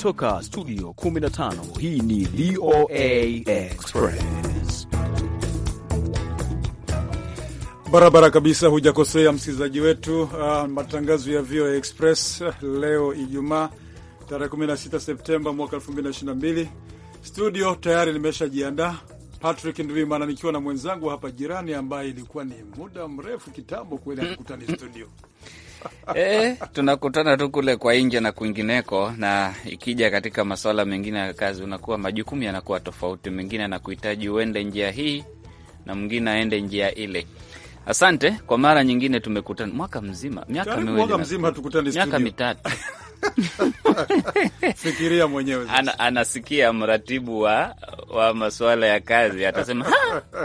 Kutoka studio 15 hii ni VOA Express barabara kabisa, hujakosea msikilizaji wetu. Uh, matangazo ya VOA Express leo Ijumaa tarehe 16 Septemba mwaka 2022. Studio tayari nimeshajiandaa Patrick Ndwimana nikiwa na mwenzangu hapa jirani ambaye ilikuwa ni muda mrefu kitambo kweli akukutani studio E, tunakutana tu kule kwa nje na kwingineko, na ikija katika masuala mengine ya kazi, unakuwa majukumu yanakuwa tofauti, mengine anakuhitaji uende njia hii na mwingine aende njia ile. Asante kwa mara nyingine, tumekutana mwaka mzima, miaka miwili, mwaka mzima hatukutani, miaka mitatu Fikiria mwenyewe ana, anasikia mratibu wa, wa masuala ya kazi atasema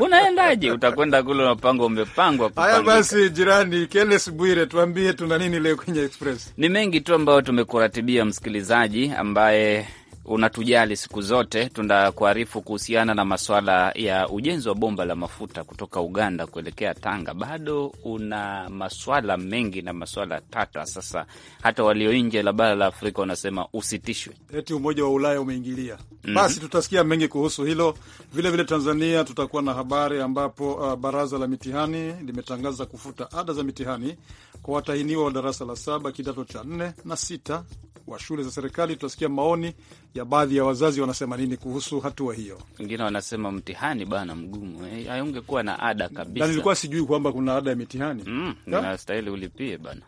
unaendaje? Utakwenda kule mapango umepangwa. Haya basi, jirani Kenes Bwire, tuambie tuna nini leo kwenye Express? Ni mengi tu ambayo tumekuratibia msikilizaji ambaye unatujali siku zote. Tunakuarifu kuhusiana na maswala ya ujenzi wa bomba la mafuta kutoka Uganda kuelekea Tanga. Bado una maswala mengi na maswala tata. Sasa hata walio nje la bara la Afrika wanasema usitishwe, eti Umoja wa Ulaya umeingilia. mm -hmm. Basi tutasikia mengi kuhusu hilo. Vilevile vile Tanzania tutakuwa na habari ambapo uh, baraza la mitihani limetangaza kufuta ada za mitihani kwa watahiniwa wa darasa la saba, kidato cha nne na sita wa shule za serikali. Tutasikia maoni ya baadhi ya wazazi wanasema nini kuhusu hatua hiyo. Wengine wanasema mtihani bana mgumu, eh, na ada kabisa. Nilikuwa sijui kwamba kuna ada ya mitihani. Mm, Nastahili ulipie bana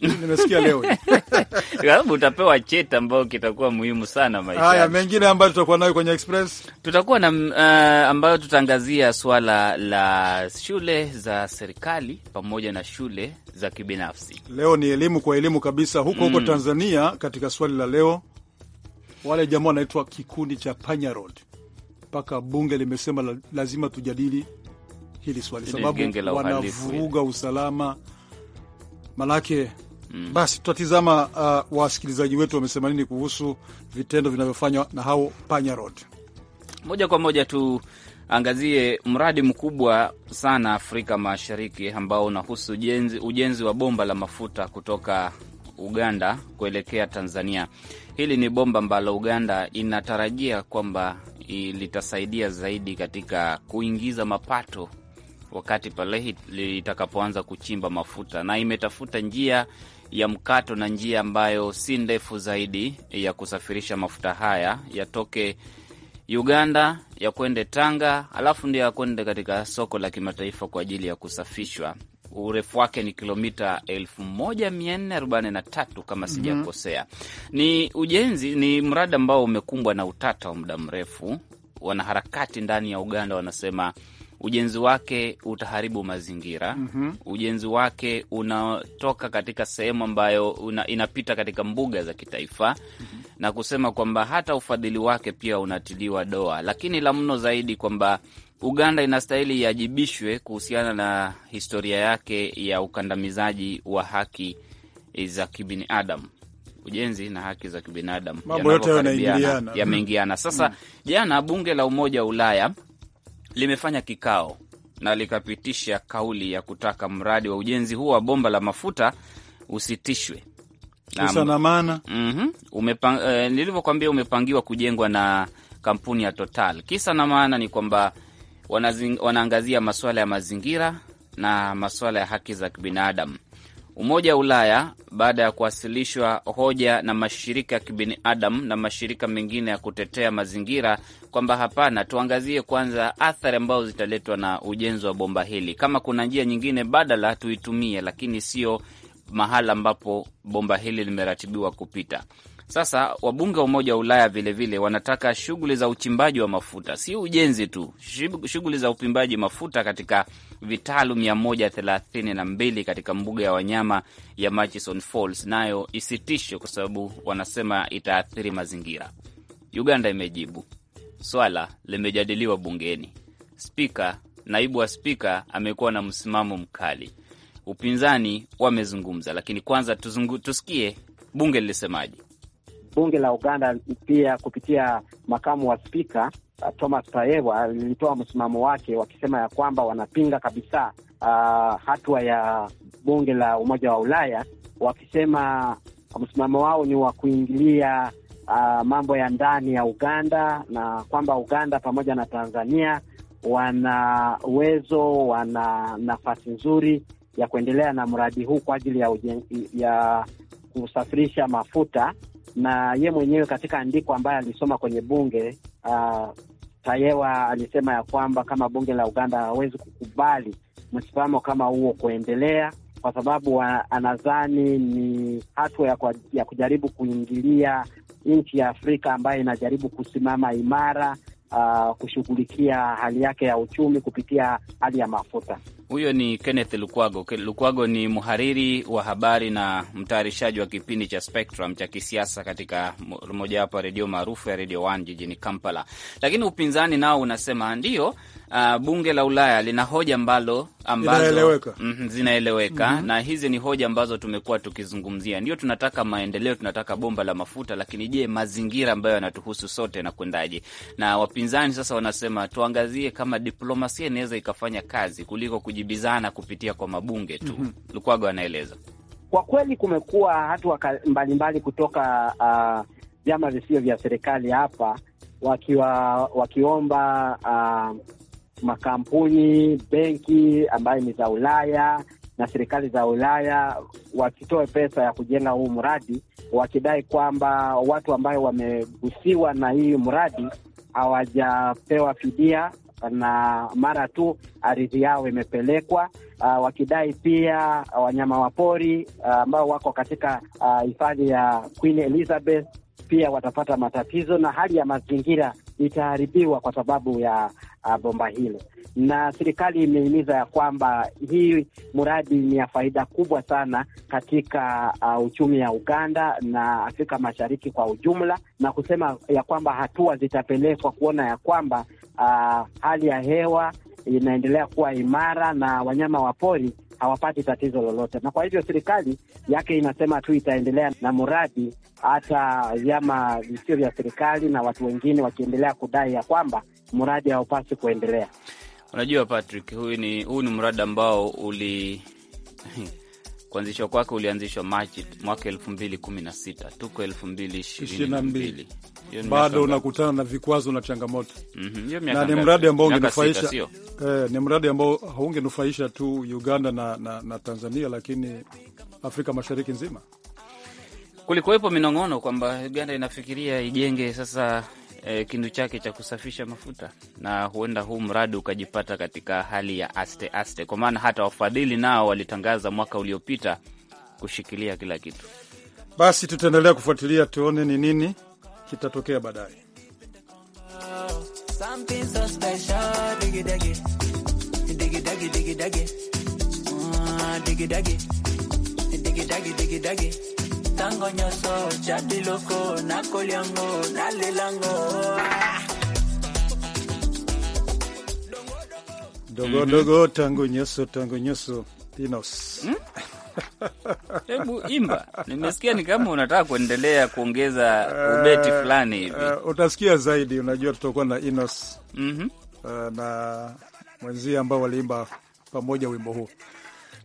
nimesikia leo sababu utapewa cheti ambayo kitakuwa muhimu sana maisha. Haya mengine ambayo tutakuwa nayo kwenye Express, tutakuwa na uh, ambayo tutaangazia swala la shule za serikali pamoja na shule za kibinafsi. Leo ni elimu kwa elimu kabisa huko huko mm. Tanzania. Katika swali la leo, wale jamaa wanaitwa kikundi cha Panya Road, mpaka bunge limesema lazima tujadili hili swali sababu wanavuruga usalama manake mm. Basi tutatizama uh, wasikilizaji wetu wamesema nini kuhusu vitendo vinavyofanywa na hao panya road. Moja kwa moja tuangazie mradi mkubwa sana Afrika Mashariki ambao unahusu ujenzi, ujenzi wa bomba la mafuta kutoka Uganda kuelekea Tanzania. Hili ni bomba ambalo Uganda inatarajia kwamba litasaidia zaidi katika kuingiza mapato wakati pale litakapoanza kuchimba mafuta, na imetafuta njia ya mkato na njia ambayo si ndefu zaidi ya kusafirisha mafuta haya yatoke Uganda ya kwende Tanga, alafu ndio yakwende katika soko la kimataifa kwa ajili ya kusafishwa. Urefu wake ni kilomita 1443 kama mhm. sijakosea. mm -hmm. Ni ujenzi, ni mradi ambao umekumbwa na utata wa muda mrefu. Wanaharakati ndani ya Uganda wanasema ujenzi wake utaharibu mazingira. mm -hmm. Ujenzi wake unatoka katika sehemu ambayo una, inapita katika mbuga za kitaifa mm -hmm. na kusema kwamba hata ufadhili wake pia unatiliwa doa, lakini la mno zaidi kwamba Uganda inastahili iajibishwe kuhusiana na historia yake ya ukandamizaji wa haki za kibinadamu ujenzi na haki za kibinadamu yameingiana sasa. mm. Jana bunge la Umoja wa Ulaya limefanya kikao na likapitisha kauli ya kutaka mradi wa ujenzi huo wa bomba la mafuta usitishwe. Maana mm -hmm. Eh, nilivyokwambia umepangiwa kujengwa na kampuni ya Total. Kisa na maana ni kwamba wanazing, wanaangazia masuala ya mazingira na masuala ya haki za kibinadamu. Umoja wa Ulaya baada ya kuwasilishwa hoja na mashirika ya kibinadamu na mashirika mengine ya kutetea mazingira kwamba hapana, tuangazie kwanza athari ambazo zitaletwa na ujenzi wa bomba hili. Kama kuna njia nyingine badala, tuitumie, lakini sio mahala ambapo bomba hili limeratibiwa kupita. Sasa wabunge wa Umoja wa Ulaya vilevile vile wanataka shughuli za uchimbaji wa mafuta, si ujenzi tu, shughuli za upimbaji mafuta katika vitalu mia moja thelathini na mbili katika mbuga ya wanyama ya Murchison Falls nayo isitishwe kwa sababu wanasema itaathiri mazingira. Uganda imejibu, swala limejadiliwa bungeni. Spika, naibu wa spika amekuwa na msimamo mkali, upinzani wamezungumza, lakini kwanza tuzungu, tusikie bunge lilisemaje bunge la Uganda pia kupitia makamu wa spika uh, Thomas Tayewa lilitoa msimamo wake wakisema ya kwamba wanapinga kabisa uh, hatua ya bunge la Umoja wa Ulaya wakisema msimamo wao ni wa kuingilia uh, mambo ya ndani ya Uganda na kwamba Uganda pamoja na Tanzania wana uwezo, wana nafasi nzuri ya kuendelea na mradi huu kwa ajili ya, ujen, ya kusafirisha mafuta na ye mwenyewe katika andiko ambayo alisoma kwenye bunge uh, Tayewa alisema ya kwamba kama bunge la Uganda hawezi kukubali msimamo kama huo kuendelea, kwa sababu anadhani ni hatua ya, ya kujaribu kuingilia nchi ya Afrika ambayo inajaribu kusimama imara, uh, kushughulikia hali yake ya uchumi kupitia hali ya mafuta. Huyo ni Kenneth Lukwago. Lukwago ni mhariri wa habari na mtayarishaji wa kipindi cha Spectrum cha kisiasa katika mojawapo ya redio maarufu ya redio One jijini Kampala. Lakini upinzani nao unasema ndio uh, bunge la Ulaya lina hoja ambalo ambazo zinaeleweka, mm, zinaeleweka. Mm -hmm. Na hizi ni hoja ambazo tumekuwa tukizungumzia, ndio tunataka maendeleo, tunataka bomba la mafuta, lakini je, mazingira ambayo yanatuhusu sote na kwendaje? Na wapinzani sasa wanasema tuangazie kama diplomasia inaweza ikafanya kazi kuliko kujibizana kupitia kwa mabunge tu. Mm -hmm. Lukwago anaeleza. Kwa kweli kumekuwa hatua mbalimbali kutoka ah, vyama uh, visivyo vya serikali hapa wakiwa wakiomba uh, makampuni, benki ambayo ni za Ulaya na serikali za Ulaya wasitoe pesa ya kujenga huu mradi, wakidai kwamba watu ambayo wamegusiwa na hii mradi hawajapewa fidia na mara tu ardhi yao imepelekwa. Uh, wakidai pia wanyama wa pori ah, ambao uh, wako katika ah, hifadhi uh, ya Queen Elizabeth pia watapata matatizo na hali ya mazingira itaharibiwa kwa sababu ya uh, bomba hilo, na serikali imehimiza ya kwamba hii mradi ni ya faida kubwa sana katika uh, uchumi ya Uganda na Afrika Mashariki kwa ujumla, na kusema ya kwamba hatua zitapelekwa kuona ya kwamba uh, hali ya hewa inaendelea kuwa imara na wanyama wa pori hawapati tatizo lolote, na kwa hivyo serikali yake inasema tu itaendelea na mradi, hata vyama visio vya serikali na watu wengine wakiendelea kudai ya kwamba mradi haupasi kuendelea. Unajua Patrick, huu ni, huu ni mradi ambao uli Kuanzishwa kwake ulianzishwa Machi mwaka elfu mbili kumi na sita tuko elfu mbili ishirini na mbili bado unakutana na vikwazo na changamoto mm -hmm. na ni mradi ambao ungenufaisha eh, ni mradi ambao haungenufaisha tu Uganda na, na, na Tanzania, lakini Afrika Mashariki nzima. Kulikuwepo minong'ono kwamba Uganda inafikiria ijenge sasa e, kindu chake cha kusafisha mafuta, na huenda huu mradi ukajipata katika hali ya aste aste, kwa maana hata wafadhili nao walitangaza mwaka uliopita kushikilia kila kitu. Basi tutaendelea kufuatilia tuone ni nini kitatokea baadaye tango nyoso loko na koliango na lilango dogo mhm. dogo tango nyoso tango nyoso tinos hmm? Hebu imba, nimesikia ni kama unataka kuendelea kuongeza ubeti eh, fulani eh, hivi. Uh, uh, utasikia zaidi. Unajua tutakuwa na Inos mm -hmm. uh, na mwenzie ambao waliimba pamoja wimbo huu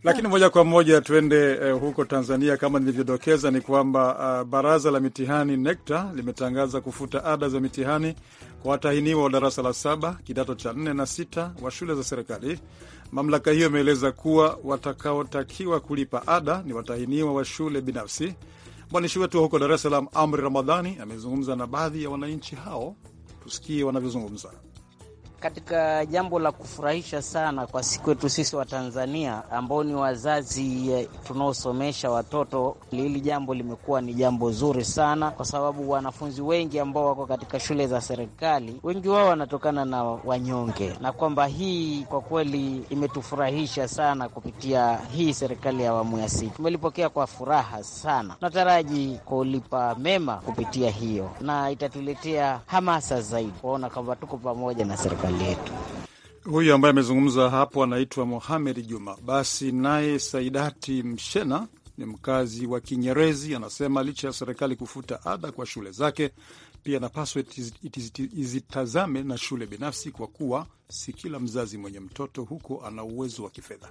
lakini moja kwa moja tuende eh, huko Tanzania. Kama nilivyodokeza ni kwamba uh, baraza la mitihani NECTA limetangaza kufuta ada za mitihani kwa watahiniwa wa darasa la saba, kidato cha nne na sita wa shule za serikali. Mamlaka hiyo imeeleza kuwa watakaotakiwa kulipa ada ni watahiniwa wa shule binafsi. Mwandishi wetu wa huko Dar es Salaam, Amri Ramadhani, amezungumza na baadhi ya wananchi hao, tusikie wanavyozungumza katika jambo la kufurahisha sana kwa siku yetu sisi wa Tanzania ambao ni wazazi eh, tunaosomesha watoto. Hili jambo limekuwa ni jambo zuri sana, kwa sababu wanafunzi wengi ambao wako katika shule za serikali, wengi wao wanatokana na wanyonge, na kwamba hii kwa kweli imetufurahisha sana kupitia hii serikali ya awamu ya sita. Tumelipokea kwa furaha sana, nataraji kulipa mema kupitia hiyo, na itatuletea hamasa zaidi kuona kwamba tuko pamoja na serikali taifa letu. Huyu ambaye amezungumza hapo anaitwa Mohamed Juma. Basi naye Saidati Mshena ni mkazi wa Kinyerezi, anasema licha ya serikali kufuta ada kwa shule zake, pia napaswa izitazame na shule binafsi, kwa kuwa si kila mzazi mwenye mtoto huko ana uwezo wa kifedha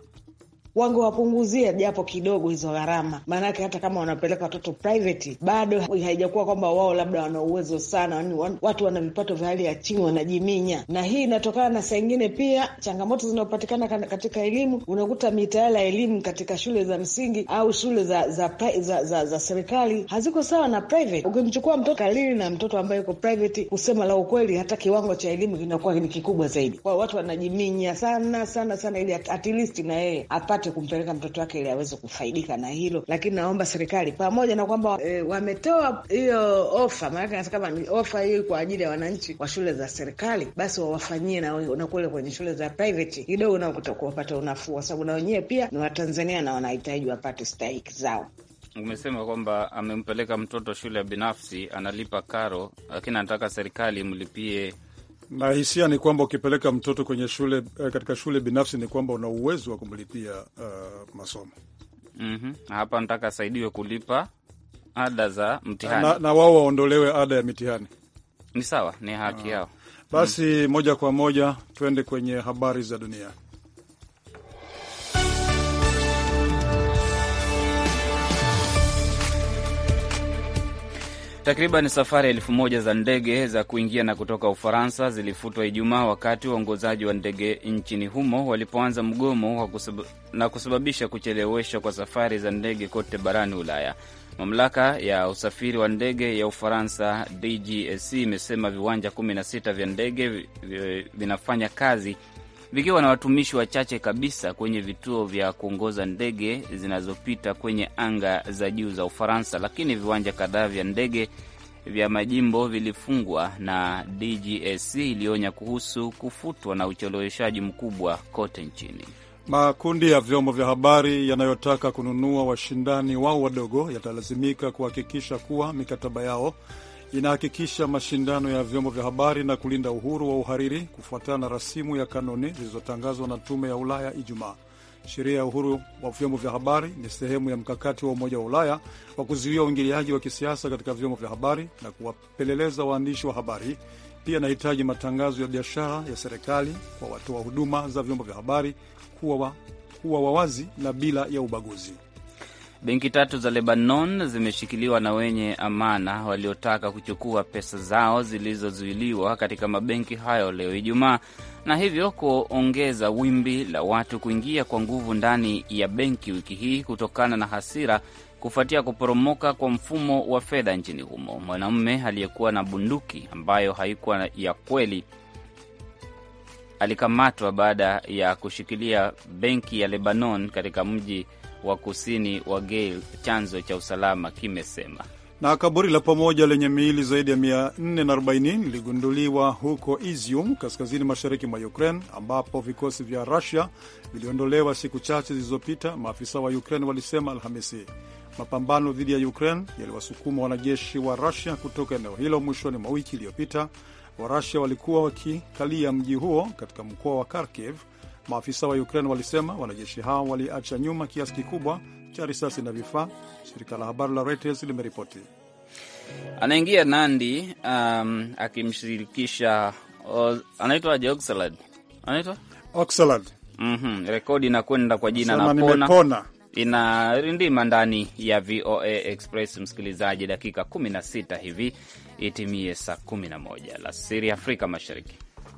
wangewapunguzia japo kidogo hizo gharama, maanake hata kama wanapeleka watoto private bado haijakuwa kwamba wao labda wana uwezo sana, yani watu wana vipato vya hali ya chini wanajiminya, na hii inatokana na saa ingine pia changamoto zinazopatikana katika elimu. Unakuta mitaala ya elimu katika shule za msingi au shule za za, za, za, za, za serikali haziko sawa na private. Ukimchukua mtoto kalili na mtoto ambaye yuko private, kusema la ukweli, hata kiwango cha elimu kinakuwa ni kikubwa zaidi, kwa watu wanajiminya sana sana sana, ili at least na yeye apate apate kumpeleka mtoto wake ili aweze kufaidika na hilo. Lakini naomba serikali pamoja na kwamba e, wametoa hiyo ofa, maanake kama ni ofa hii kwa ajili ya wananchi wa shule za serikali, basi wawafanyie na, na kule kwenye shule za private kidogo, nao kutakuwapata unafuu, kwa sababu na wenyewe pia ni Watanzania na wanahitaji wapate stahiki zao. Umesema kwamba amempeleka mtoto shule ya binafsi, analipa karo, lakini anataka serikali imlipie na hisia ni kwamba ukipeleka mtoto kwenye shule eh, katika shule binafsi ni kwamba una uwezo wa kumlipia uh, masomo mm -hmm. Hapa nataka asaidiwe kulipa ada za mtihani na, na wao waondolewe ada ya mitihani. Ni sawa, ni haki ah. yao. Basi mm. Moja kwa moja tuende kwenye habari za dunia. Takriban safari elfu moja za ndege za kuingia na kutoka Ufaransa zilifutwa Ijumaa wakati waongozaji wa ndege nchini humo walipoanza mgomo na kusababisha kucheleweshwa kwa safari za ndege kote barani Ulaya. Mamlaka ya usafiri wa ndege ya Ufaransa DGAC imesema viwanja 16 vya ndege vinafanya kazi vikiwa na watumishi wachache kabisa kwenye vituo vya kuongoza ndege zinazopita kwenye anga za juu za Ufaransa, lakini viwanja kadhaa vya ndege vya majimbo vilifungwa na DGSC ilionya kuhusu kufutwa na ucheleweshaji mkubwa kote nchini. Makundi ya vyombo vya habari yanayotaka kununua washindani wao wadogo yatalazimika kuhakikisha kuwa mikataba yao inahakikisha mashindano ya vyombo vya habari na kulinda uhuru wa uhariri kufuatana na rasimu ya kanuni zilizotangazwa na Tume ya Ulaya Ijumaa. Sheria ya uhuru wa vyombo vya habari ni sehemu ya mkakati wa Umoja wa Ulaya wa kuzuia uingiliaji wa kisiasa katika vyombo vya habari na kuwapeleleza waandishi wa habari. Pia inahitaji matangazo ya biashara ya serikali kwa watoa huduma za vyombo vya habari kuwa wawazi na bila ya ubaguzi. Benki tatu za Lebanon zimeshikiliwa na wenye amana waliotaka kuchukua pesa zao zilizozuiliwa katika mabenki hayo leo Ijumaa, na hivyo kuongeza wimbi la watu kuingia kwa nguvu ndani ya benki wiki hii kutokana na hasira kufuatia kuporomoka kwa mfumo wa fedha nchini humo. Mwanamume aliyekuwa na bunduki ambayo haikuwa ya kweli alikamatwa baada ya kushikilia benki ya Lebanon katika mji wa kusini wa Gil, chanzo cha usalama kimesema. Na kaburi la pamoja lenye miili zaidi ya 440 liligunduliwa huko Izium, kaskazini mashariki mwa Ukraine, ambapo vikosi vya Rusia viliondolewa siku chache zilizopita, maafisa wa Ukraine walisema Alhamisi. Mapambano dhidi ya Ukraine yaliwasukuma wanajeshi wa Rusia kutoka eneo hilo mwishoni mwa wiki iliyopita. Warusia walikuwa wakikalia mji huo katika mkoa wa Kharkiv Maafisa wa Ukraine walisema wanajeshi hao waliacha nyuma kiasi kikubwa cha risasi na vifaa, shirika la habari la Reuters limeripoti. Anaingia Nandi um, akimshirikisha anaitwa Oxlade, anaitwa Oxlade. mm -hmm. Rekodi inakwenda kwa jina napona rindima ndani ya VOA Express, msikilizaji, dakika 16 hivi itimie saa 11 siri Afrika Mashariki.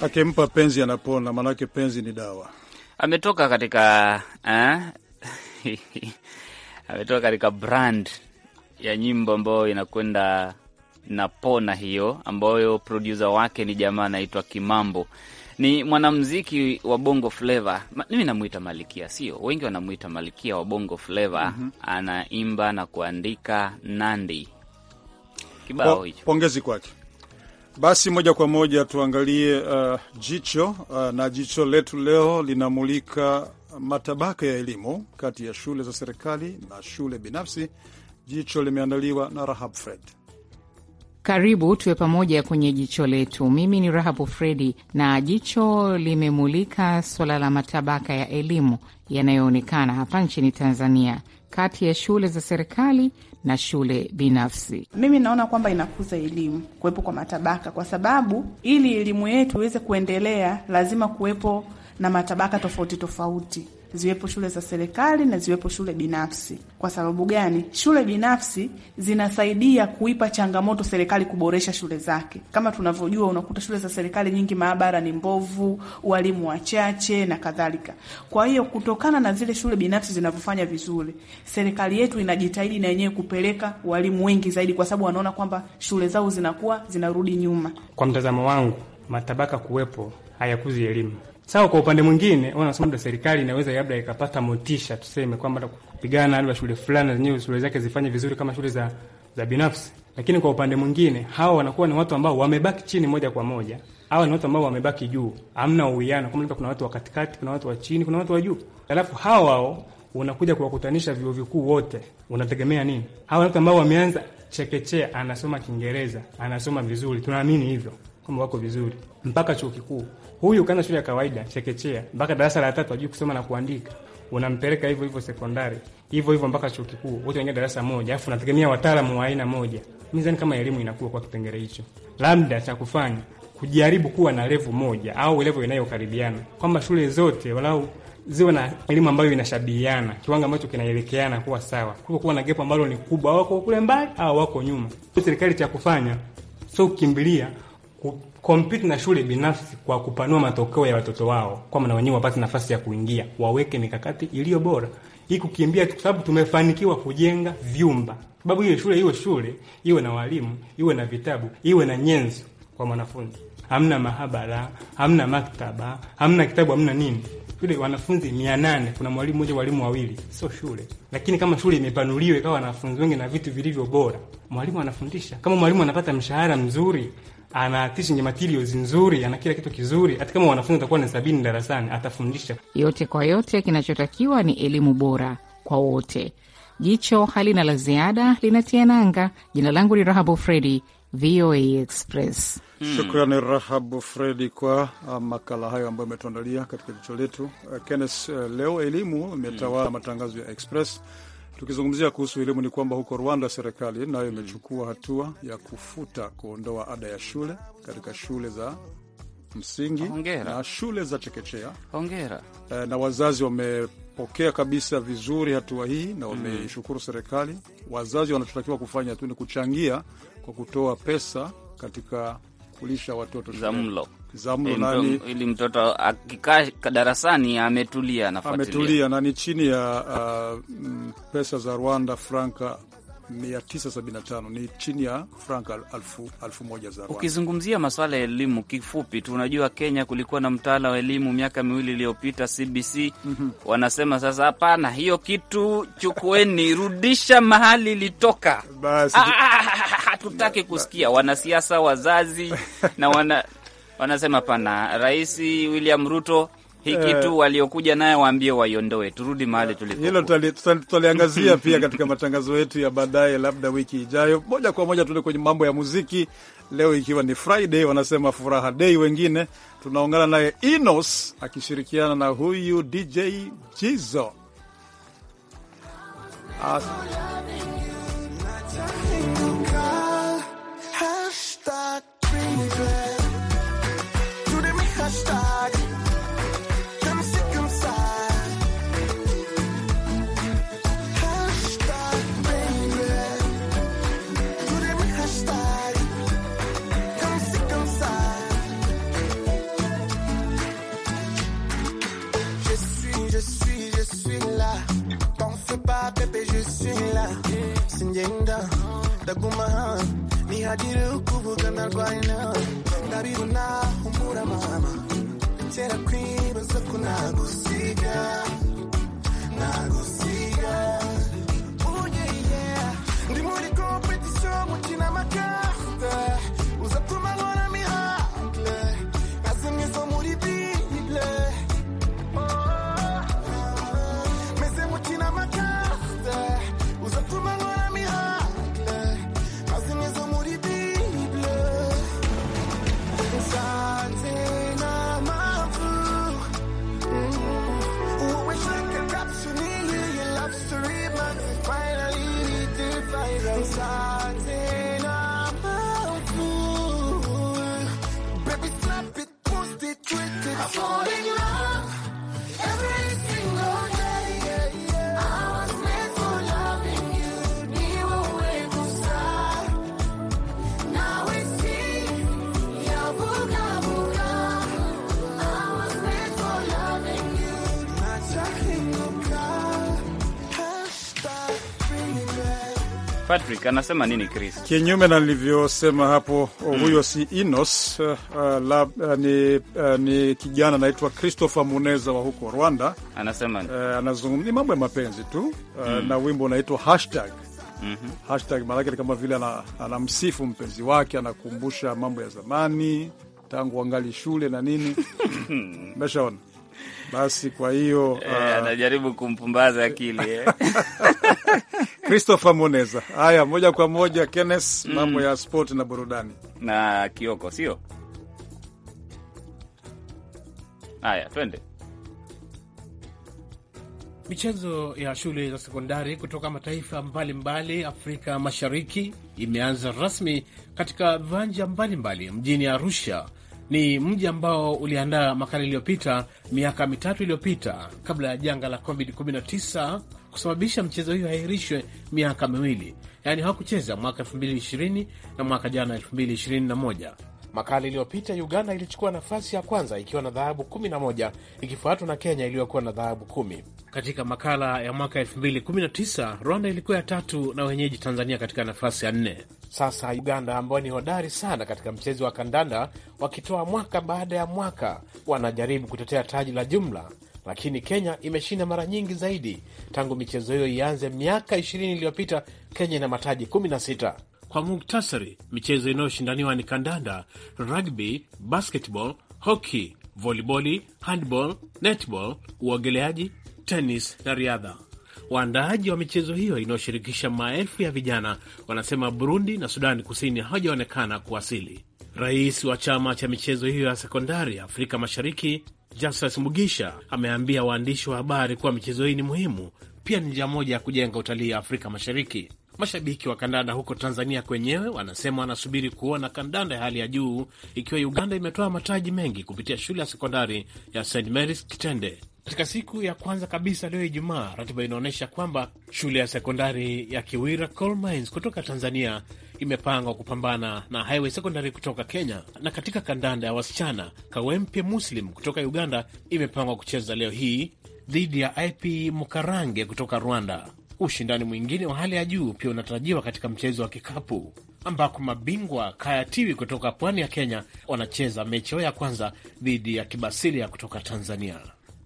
akimpa penzi anapona, maanake penzi ni dawa. Ametoka katika eh? ametoka katika brand ya nyimbo ambayo inakwenda napona hiyo, ambayo produsa wake ni jamaa anaitwa Kimambo, ni mwanamziki wa Bongo Flava. Mimi namwita Malikia, sio wengi wanamwita Malikia wa Bongo Flava. mm -hmm. Anaimba na kuandika Nandi kibao hicho, pongezi kwake. Basi moja kwa moja tuangalie uh, jicho uh, na jicho letu leo linamulika matabaka ya elimu kati ya shule za serikali na shule binafsi. Jicho limeandaliwa na Rahab Fred. Karibu tuwe pamoja kwenye jicho letu. Mimi ni Rahabu Fredi, na jicho limemulika suala la matabaka ya elimu yanayoonekana hapa nchini Tanzania kati ya shule za serikali na shule binafsi. Mimi naona kwamba inakuza elimu, kuwepo kwa matabaka, kwa sababu ili elimu yetu iweze kuendelea lazima kuwepo na matabaka tofauti tofauti ziwepo shule za serikali na ziwepo shule binafsi. Kwa sababu gani? Shule binafsi zinasaidia kuipa changamoto serikali kuboresha shule zake. Kama tunavyojua, unakuta shule za serikali nyingi, maabara ni mbovu, walimu wachache na kadhalika. Kwa hiyo kutokana na zile shule binafsi zinavyofanya vizuri, serikali yetu inajitahidi na yenyewe kupeleka walimu wengi zaidi, kwa sababu wanaona kwamba shule zao zinakuwa zinarudi nyuma. Kwa mtazamo wangu, matabaka kuwepo hayakuzi elimu Sawa, kwa upande mwingine wanasema labda serikali inaweza labda ikapata motisha tuseme kwamba kupigana labda shule fulani zenyewe shule zake zifanye vizuri kama shule za za binafsi, lakini kwa upande mwingine hawa wanakuwa ni watu ambao wamebaki chini moja kwa moja. Hawa ni watu ambao wamebaki juu, hamna uwiano. Kama kuna watu wa katikati, kuna watu wa chini, kuna watu wa juu, alafu hawa wao unakuja kuwakutanisha vyuo vikuu wote, unategemea nini? Hawa watu ambao wameanza chekechea, anasoma Kiingereza, anasoma vizuri, tunaamini hivyo kama wako vizuri mpaka chuo kikuu. Huyu kana shule ya kawaida chekechea mpaka darasa la tatu ajui kusoma na kuandika, unampeleka hivyo hivyo sekondari, hivyo hivyo mpaka chuo kikuu, wote wengine darasa moja, alafu unategemea wataalamu wa aina moja. Mizani kama elimu inakuwa kwa kipengele hicho, labda cha kufanya kujaribu kuwa na levu moja au levu inayokaribiana, kwamba shule zote walau ziwe na elimu ambayo inashabihiana, kiwango ambacho kinaelekeana kuwa sawa, kuliko kuwa na gepo ambalo ni kubwa, wako kule mbali au wako nyuma. Serikali cha kufanya sio kukimbilia compete na shule binafsi kwa kupanua matokeo ya watoto wao, kwamba na wenyewe wapate nafasi ya kuingia, waweke mikakati iliyo bora hii kukimbia tu, kwa sababu tumefanikiwa kujenga vyumba, sababu hiyo shule iwe shule iwe na walimu iwe na vitabu iwe na nyenzo kwa mwanafunzi. Hamna mahabara, hamna maktaba, hamna kitabu, hamna nini shule wanafunzi mia nane kuna mwalimu mmoja, walimu wawili, sio shule. Lakini kama shule imepanuliwa ikawa wanafunzi wengi na vitu vilivyo bora, mwalimu anafundisha. Kama mwalimu anapata mshahara mzuri, ana teaching materials nzuri, ana kila kitu kizuri. Hata kama wanafunzi watakuwa na sabini darasani, atafundisha yote kwa yote. Kinachotakiwa ni elimu bora kwa wote. Jicho halina la ziada, linatia nanga. Jina langu ni Rahabu Fredi, VOA Express. Hmm. Shukrani Rahabu Fredi kwa uh, makala hayo ambayo umetuandalia katika jicho letu. Uh, Kennes, uh, leo elimu imetawala hmm, matangazo ya Express. Tukizungumzia kuhusu elimu ni kwamba huko Rwanda serikali nayo imechukua hatua ya kufuta kuondoa ada ya shule katika shule za msingi Ongera. na shule za chekechea Hongera. Eh, na wazazi wamepokea kabisa vizuri hatua hii na mm. wameishukuru mm. serikali. Wazazi wanachotakiwa kufanya tu ni kuchangia kwa kutoa pesa katika kulisha watoto za mlo nani, ili mtoto akikaa darasani ametulia, anafuatilia ametulia, na ni chini ya uh, pesa za Rwanda franka 975 ni chini ya franka alfu, moja za Rwanda. Ukizungumzia masuala ya elimu kifupi tunajua Kenya kulikuwa na mtaala wa elimu miaka miwili iliyopita CBC. mm -hmm. Wanasema sasa, hapana, hiyo kitu chukueni, rudisha mahali ilitoka. Ah, ah, ah, hatutaki kusikia wanasiasa, wazazi na wana wanasema pana Rais William Ruto hii kitu eh. waliokuja naye waambie waiondoe, turudi mahali tulipo. Hilo tutaliangazia pia katika matangazo yetu ya baadaye, labda wiki ijayo. Moja kwa moja tuende kwenye mambo ya muziki leo, ikiwa ni Friday, wanasema furaha dei. Wengine tunaungana naye Inos akishirikiana na huyu DJ Jizo As ndaguma hanze ntihagire ukuvugana rwaye nawe ndabibona humura mama kera kwibaza ko nagusiga Chris anasema nini? Chris, kinyume na nilivyosema hapo, oh, mm. huyo si Inos uh, uh la, uh, ni, uh, ni kijana anaitwa Christopher Muneza wa huko Rwanda, anasema uh, anazungumzia mambo ya mapenzi tu uh, mm. na wimbo unaitwa hashtag Mm -hmm. Hashtag maanake ni kama vile anamsifu ana mpenzi wake, anakumbusha mambo ya zamani tangu wangali shule na nini. Meshaona basi kwa hiyo e, anajaribu kumpumbaza akili eh. Christopher Moneza. Haya, moja kwa moja Kenneth, mm. mambo ya sport na burudani na Kioko, sio haya, twende Michezo ya shule za sekondari kutoka mataifa mbalimbali mbali Afrika Mashariki imeanza rasmi katika viwanja mbalimbali mjini Arusha ni mji ambao uliandaa makala iliyopita miaka mitatu iliyopita kabla ya janga la COVID-19 kusababisha mchezo hiyo hairishwe miaka miwili. Yaani hawakucheza mwaka 2020 na mwaka jana 2021. Makala iliyopita Uganda ilichukua nafasi ya kwanza ikiwa na dhahabu 11 ikifuatwa na Kenya iliyokuwa na dhahabu kumi katika makala ya mwaka 2019 Rwanda ilikuwa ya tatu na wenyeji Tanzania katika nafasi ya nne. Sasa Uganda ambao ni hodari sana katika mchezo wa kandanda, wakitoa mwaka baada ya mwaka, wanajaribu kutetea taji la jumla, lakini Kenya imeshinda mara nyingi zaidi tangu michezo hiyo ianze miaka 20 iliyopita. Kenya ina mataji 16. Kwa muktasari, michezo inayoshindaniwa ni kandanda, rugby, basketball, hockey, volleyball, handball, netball, uogeleaji tenis na riadha. Waandaaji wa michezo hiyo inayoshirikisha maelfu ya vijana wanasema Burundi na Sudani Kusini hawajaonekana kuwasili. Rais wa chama cha michezo hiyo ya sekondari ya Afrika Mashariki Justus Mugisha ameambia waandishi wa habari kuwa michezo hii ni muhimu, pia ni njia moja ya kujenga utalii ya Afrika Mashariki. Mashabiki wa kandanda huko Tanzania kwenyewe wanasema wanasubiri kuona kandanda ya hali ya juu, ikiwa Uganda imetoa mataji mengi kupitia shule ya sekondari ya St Mary's Kitende. Katika siku ya kwanza kabisa leo Ijumaa, ratiba inaonyesha kwamba shule ya sekondari ya Kiwira Coal Mines kutoka Tanzania imepangwa kupambana na Highway Sekondari kutoka Kenya, na katika kandanda ya wasichana Kawempe Muslim kutoka Uganda imepangwa kucheza leo hii dhidi ya IP Mukarange kutoka Rwanda. Ushindani mwingine wa hali ya juu pia unatarajiwa katika mchezo wa kikapu ambako mabingwa Kayatiwi kutoka pwani ya Kenya wanacheza mechi yao ya kwanza dhidi ya Kibasilia kutoka Tanzania.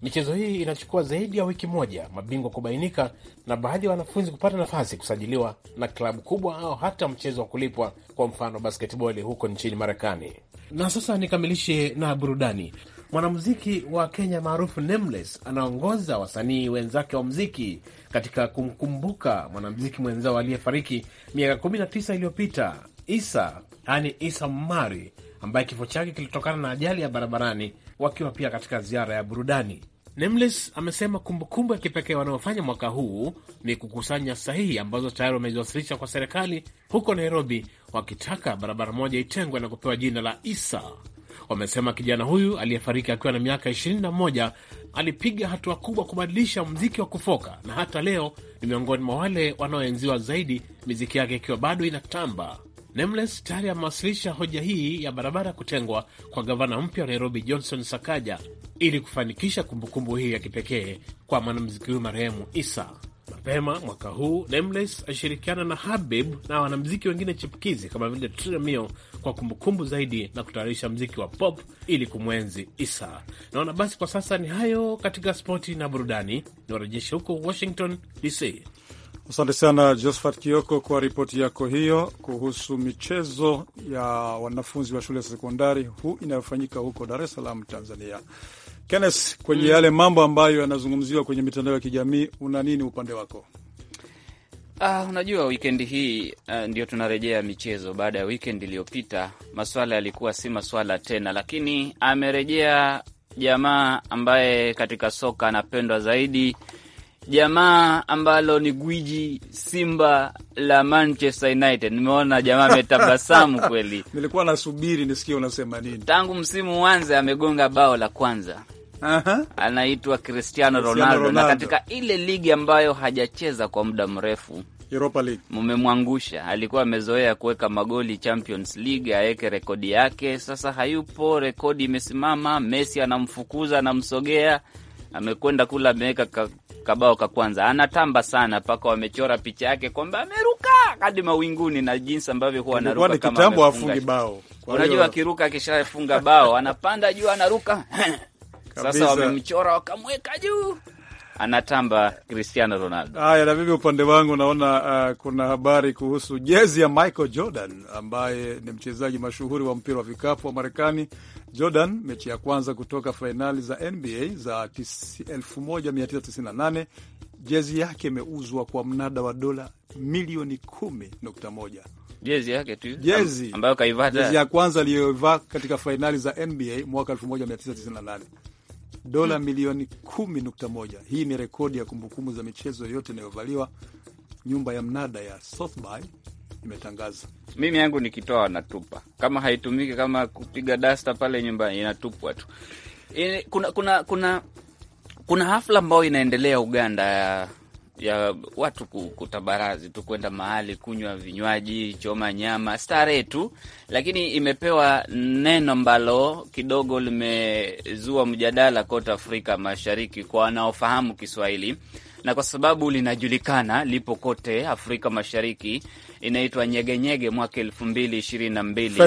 Michezo hii inachukua zaidi ya wiki moja, mabingwa kubainika na baadhi ya wanafunzi kupata nafasi kusajiliwa na klabu kubwa au hata mchezo wa kulipwa, kwa mfano basketboli huko nchini Marekani. Na sasa nikamilishe na burudani. Mwanamuziki wa Kenya maarufu Nameless anaongoza wasanii wenzake wa muziki katika kumkumbuka mwanamuziki mwenzao aliyefariki miaka 19 iliyopita, Isa yani Isa Mmari, ambaye kifo chake kilitokana na ajali ya barabarani, wakiwa pia katika ziara ya burudani. Nemlis amesema kumbukumbu ya kipekee wanaofanya mwaka huu ni kukusanya sahihi ambazo tayari wameziwasilisha kwa serikali huko Nairobi, wakitaka barabara moja itengwe na kupewa jina la Isa. Wamesema kijana huyu aliyefariki akiwa na miaka 21 alipiga hatua kubwa kubadilisha mziki wa kufoka, na hata leo ni miongoni mwa wale wanaoenziwa zaidi, miziki yake ikiwa bado inatamba. Nameless tayari amewasilisha hoja hii ya barabara kutengwa kwa gavana mpya wa Nairobi, Johnson Sakaja, ili kufanikisha kumbukumbu hii ya kipekee kwa mwanamziki huyu marehemu Isa. Mapema mwaka huu Nameless ashirikiana na Habib na wanamziki wengine chipukizi kama vile Tremio kwa kumbukumbu zaidi na kutayarisha mziki wa pop ili kumwenzi Isa. Naona basi kwa sasa ni hayo katika spoti na burudani, niwarejeshe huko Washington DC. Asante sana Josphat Kioko kwa ripoti yako hiyo kuhusu michezo ya wanafunzi wa shule za sekondari huu inayofanyika huko Dar es Salaam, Tanzania. Kennes, kwenye mm, yale mambo ambayo yanazungumziwa kwenye mitandao ya kijamii, una nini upande wako? Uh, unajua wikendi hii uh, ndio tunarejea michezo baada ya wikendi iliyopita, maswala yalikuwa si maswala tena, lakini amerejea jamaa ambaye katika soka anapendwa zaidi jamaa ambalo ni gwiji Simba la Manchester United. Nimeona jamaa ametabasamu kweli, nilikuwa nasubiri nisikie unasema nini. Tangu msimu uanze amegonga bao la kwanza. -huh. Anaitwa Cristiano Ronaldo. Ronaldo na katika ile ligi ambayo hajacheza kwa muda mrefu Europa League, mmemwangusha. Alikuwa amezoea kuweka magoli Champions League, aweke rekodi yake. Sasa hayupo, rekodi imesimama. Messi anamfukuza, anamsogea, amekwenda kule, ameweka kabao ka kwanza anatamba sana, mpaka wamechora picha yake kwamba ameruka hadi mawinguni na jinsi ambavyo huwa anaruka kama kitambo, afungi bao. Unajua, akiruka akishafunga bao anapanda juu, anaruka sasa wamemchora wakamweka juu anatamba Cristiano Ronaldo. Haya, na mimi upande wangu naona uh, kuna habari kuhusu jezi ya Michael Jordan ambaye ni mchezaji mashuhuri wa mpira wa vikapu wa Marekani. Jordan mechi ya kwanza kutoka fainali za NBA za 1998 jezi yake imeuzwa kwa mnada wa dola milioni 10.1 jezi yake tu jezi ambayo kaivaa, jezi ya kwanza aliyoivaa katika fainali za NBA mwaka 1998 dola milioni 10.1. Hii ni rekodi ya kumbukumbu za michezo yoyote inayovaliwa. Nyumba ya mnada ya Sotheby imetangaza. Mimi yangu nikitoa natupa, kama haitumiki kama kupiga dasta pale nyumbani, inatupwa tu. Eh, kuna, kuna, kuna, kuna hafla ambayo inaendelea Uganda ya ya watu kutabarazi tu kwenda mahali kunywa vinywaji, choma nyama, starehe tu, lakini imepewa neno ambalo kidogo limezua mjadala kote Afrika Mashariki kwa wanaofahamu Kiswahili na kwa sababu linajulikana, lipo kote Afrika Mashariki, inaitwa Nyegenyege mwaka elfu mbili ishirini na mbili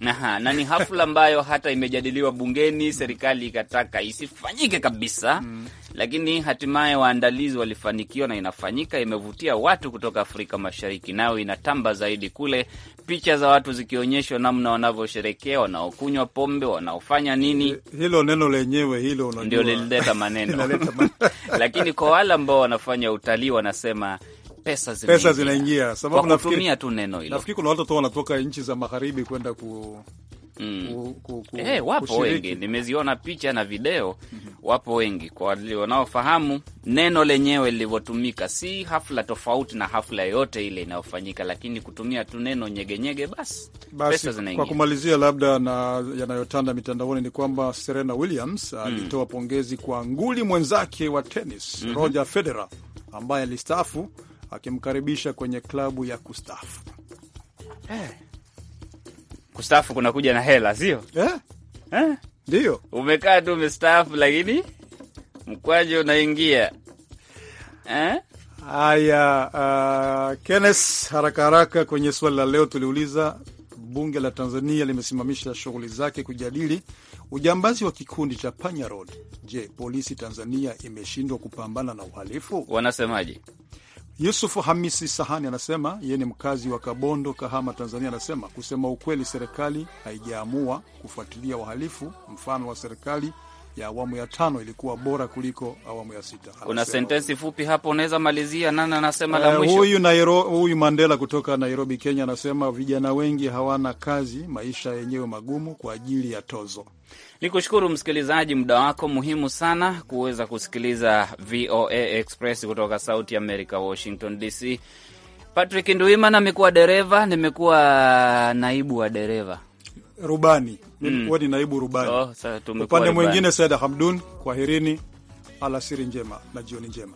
na, na ni hafla ambayo hata imejadiliwa bungeni, serikali ikataka isifanyike kabisa mm. Lakini hatimaye waandalizi walifanikiwa na inafanyika, imevutia watu kutoka Afrika Mashariki, nayo inatamba zaidi kule, picha za watu zikionyeshwa namna wanavyosherekea, wanaokunywa pombe, wanaofanya nini. Hilo neno lenyewe hilo ndio lilileta maneno lakini kwa wale ambao wanafanya utalii wanasema pesa zinaingia, sababu nafikiri tu neno hilo, nafikiri kuna watu tu wanatoka nchi za magharibi kwenda ku mm. hey, eh, wapo Wengi nimeziona picha na video mm -hmm. Wapo wengi kwa wanaofahamu neno lenyewe lilivyotumika, si hafla tofauti na hafla yoyote ile inayofanyika, lakini kutumia tu neno nyegenyege basi, kwa kumalizia, labda na yanayotanda mitandaoni ni kwamba Serena Williams mm. alitoa pongezi kwa nguli mwenzake wa tenis mm -hmm. Roger Federer ambaye alistaafu akimkaribisha kwenye klabu ya kustaafu eh kustafu kunakuja na hela, sio yeah? Eh? Ndio umekaa tu umestaafu, lakini mkwaju unaingia eh? Haya, uh, Kenneth, haraka haraka kwenye swali la leo tuliuliza, bunge la Tanzania limesimamisha shughuli zake kujadili ujambazi wa kikundi cha Panya Road. Je, polisi Tanzania imeshindwa kupambana na uhalifu? Wanasemaje? Yusufu Hamisi Sahani anasema yeye ni mkazi wa Kabondo, Kahama, Tanzania. Anasema kusema ukweli, serikali haijaamua kufuatilia wahalifu. Mfano wa serikali ya awamu ya tano ilikuwa bora kuliko awamu ya sita. Kuna sentensi fupi hapo unaweza malizia, nani anasema la eh, mwisho? Huyu Nairo, huyu Mandela kutoka Nairobi, Kenya anasema vijana wengi hawana kazi, maisha yenyewe magumu kwa ajili ya tozo. Ni kushukuru msikilizaji, muda wako muhimu sana kuweza kusikiliza VOA Express kutoka Sauti ya America, Washington DC. Patrick Nduimana amekuwa dereva, nimekuwa naibu wa dereva rubani mm. ni naibu rubani oh, upande mwingine Saida Hamdun, kwaherini, alasiri njema na jioni njema